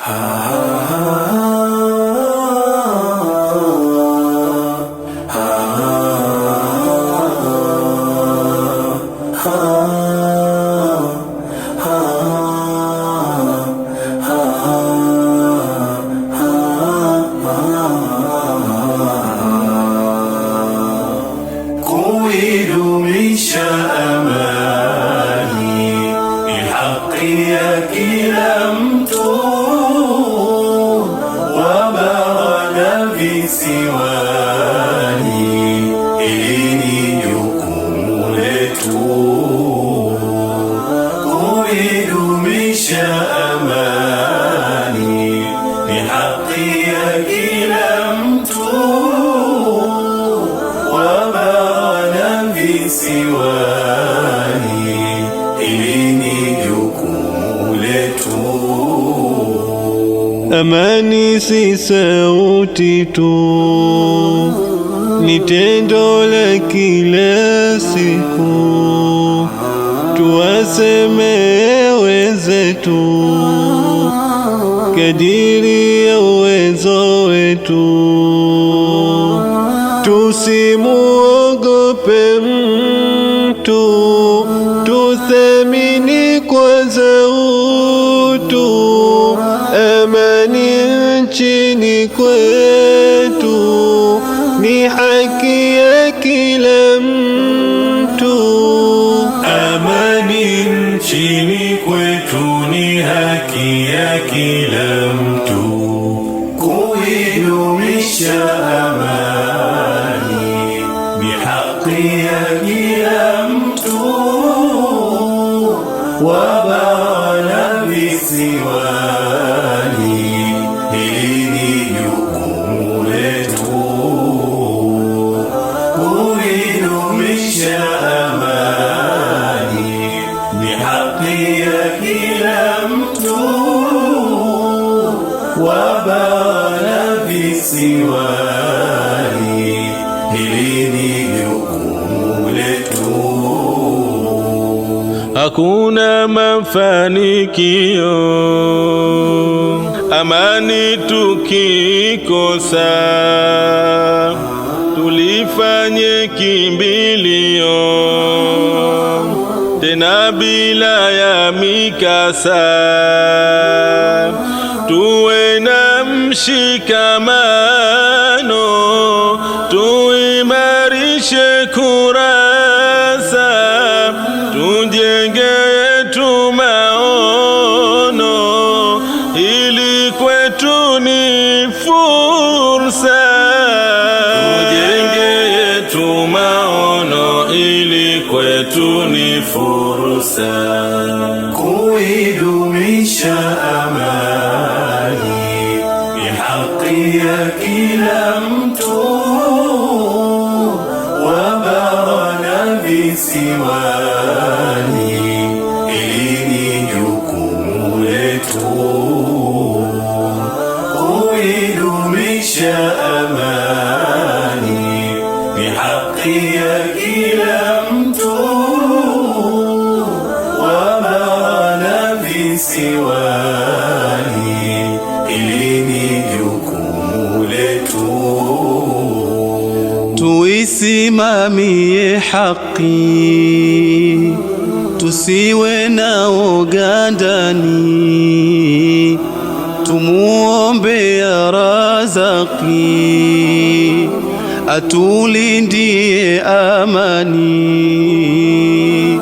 ah kuidumisha amani ni haki ya kila mtu, wabana visiwani, ili ni jukumu letu. Amani si sauti tu, ni tendo la kila siku tuwasemee wenzetu kadiri ya uwezo wetu, tusimuogope mtu, tuthamini kwanza utu, amani nchini kwetu ni haki ya kila mtu. Nchini kwetu ni haki ya kila mtu kuidumisha amani, ni haki ya kila mtu. Wabawa na visiwani, hili siwani, hili ni jukumu letu. Hakuna mafanikio, amani tukikosa, tulifanye kimbilio tena bila ya mikasa, tuwe na mshikamano, tuimarishe kurasa, tujengee yetu maono, ili kwetu ni fursa. Tujengee yetu maono, ili kwetu ni fursa, kuidumisha amani سلمت وبرنا بسواني إني نجوكم لتوم قويل مشاء أماني بحقي كلمت وبرنا بسواني tusimamie haki, tusiwe na woga ndani, tumuombe ya Razaki atulindie amani,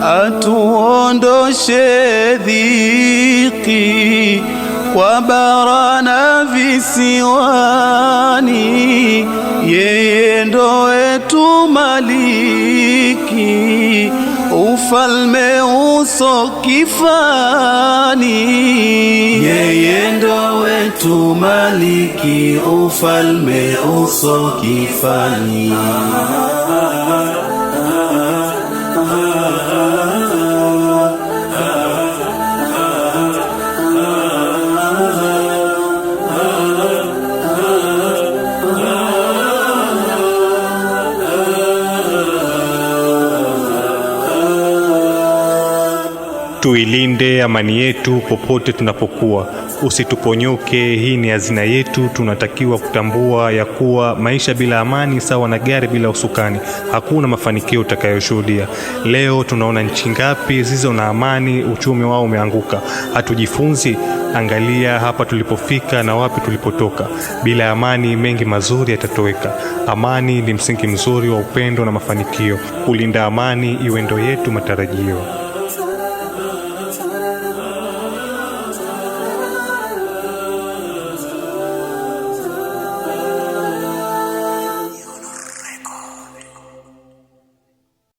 atuondoshe dhiki wabarana visiwani, yeye ndo wetu maliki, ufalme uso kifani, yeye ndo wetu maliki, ufalme uso kifani. ah, ah, ah, ah, ah, ah. tuilinde amani yetu popote tunapokuwa, usituponyoke. Hii ni hazina yetu. Tunatakiwa kutambua ya kuwa maisha bila amani sawa na gari bila usukani, hakuna mafanikio utakayoshuhudia. Leo tunaona nchi ngapi zisizo na amani, uchumi wao umeanguka. Hatujifunzi? Angalia hapa tulipofika na wapi tulipotoka. Bila amani, mengi mazuri yatatoweka. Amani ni msingi mzuri wa upendo na mafanikio. Kulinda amani iwe ndo yetu matarajio.